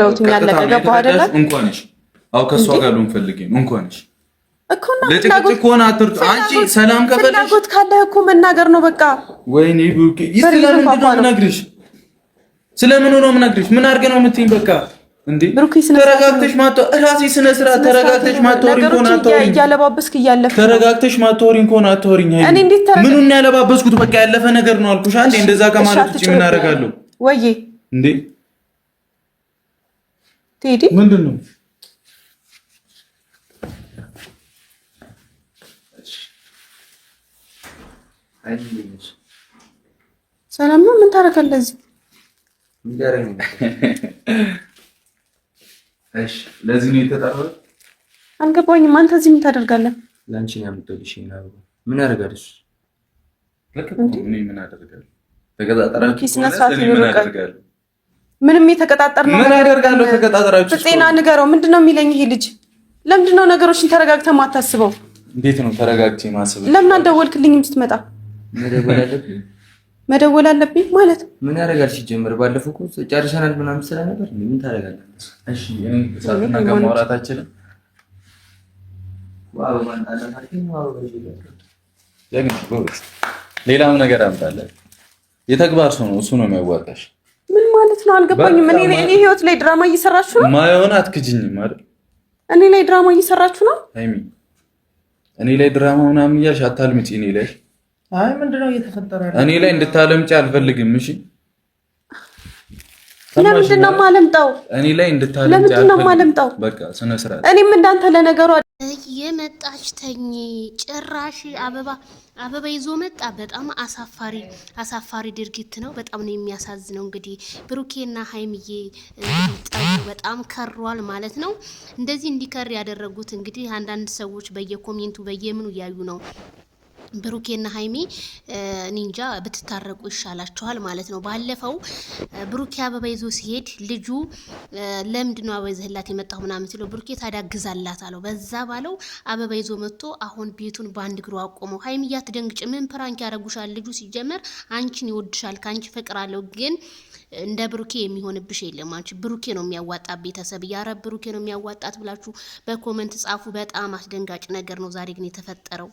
ዳውትኛ ለቀቀ በኋላ ካለህ እኮ መናገር ነው በቃ። ወይኔ ቡኪ ይስላል ነው ነግርሽ። ስለምን ነው የምነግርሽ? ምን አድርገህ ነው የምትይኝ? በቃ ተረጋግተሽ ማቶ እራሴ ስነ ስርዓት ተረጋግተሽ ማቶሪን ኮና አቶሪን እያለባበስክ እያለፈ ተረጋግተሽ ማቶሪን ኮና አቶሪኝ አይደል? ምኑን ያለባበስኩት በቃ ያለፈ ነገር ነው አልኩሽ። አንዴ እንደዛ ከማለት ውጪ ምን አደርጋለሁ? ወይዬ እንዴ ቴዲ ምንድን ነው? ሰላም ነው? ምን ታደርጋለህ እዚህ? ለዚህ ነው የተጠራሁት። አልገባኝም። አንተ እዚህ ምን ታደርጋለህ? ለአንቺ ነው የምትወድሽ። ምን ያደርጋል እሱ? ምን ያደርጋል? ተቀጣጠራችሁ ምንም የተቀጣጠር ነው። ምን አደርጋለሁ? ተቀጣጠራችሁ ጤና ንገረው። ምንድነው የሚለኝ ይሄ ልጅ? ለምንድን ነው ነገሮችን ተረጋግተህ ማታስበው? እንዴት ነው ተረጋግቼ ማስበው? ለምን አልደወልክልኝም ስትመጣ? መደወል አለብኝ መደወል አለብኝ ማለት ምን ያደርጋል? ሲጀምር ባለፈው እኮ ጨርሰናል ምናምን ስለነበር ምን ታደርጋለህ? እሺ ሌላም ነገር አምጣለህ። የተግባር ሰው ነው እሱ ነው የሚያዋጣሽ ምን ማለት ነው አልገባኝም። እኔ እኔ ህይወት ላይ ድራማ እየሰራችሁ ነው። ማየሆን አትክጅኝም ማለት እኔ ላይ ድራማ እየሰራችሁ ነው። አይሚ እኔ ላይ ድራማ ምናምን እያልሽ አታልምጪ። እኔ ላይ አይ ምንድነው እየተፈጠረ ያለው? እኔ ላይ እንድታለምጪ አልፈልግም። እሺ ለምንድን ነው የማለምጠው? እኔ ላይ እንድታለምጪ አልፈልግም። በቃ ስነ ስርዓት እኔም እንዳንተ ለነገሩ የመጣች ተኝ ጭራሽ አበባ አበባ ይዞ መጣ። በጣም አሳፋሪ አሳፋሪ ድርጊት ነው። በጣም ነው የሚያሳዝነው። እንግዲህ ብሩኬና ሀይምዬ በጣም ከሯል ማለት ነው። እንደዚህ እንዲከር ያደረጉት እንግዲህ አንዳንድ ሰዎች በየኮሜንቱ በየምኑ እያዩ ነው ብሩኬና ሀይሚ ኒንጃ ብትታረቁ ይሻላችኋል ማለት ነው። ባለፈው ብሩኬ አበባ ይዞ ሲሄድ ልጁ ለምንድን ነው አበባ ይዘህላት የመጣሁ ምናምን ሲለው ብሩኬ ግዛላት አለው። በዛ ባለው አበባ ይዞ መጥቶ አሁን ቤቱን በአንድ እግሩ አቆመው። ሀይሚ እያትደንግጭ ምን ፕራንክ ያደረጉሻል? ልጁ ሲጀመር አንቺን ይወድሻል፣ ከአንቺ ፍቅር አለው ግን እንደ ብሩኬ የሚሆንብሽ የለም። አንቺ ብሩኬ ነው የሚያዋጣ ቤተሰብ እያረ ብሩኬ ነው የሚያዋጣት ብላችሁ በኮመንት ጻፉ። በጣም አስደንጋጭ ነገር ነው ዛሬ ግን የተፈጠረው።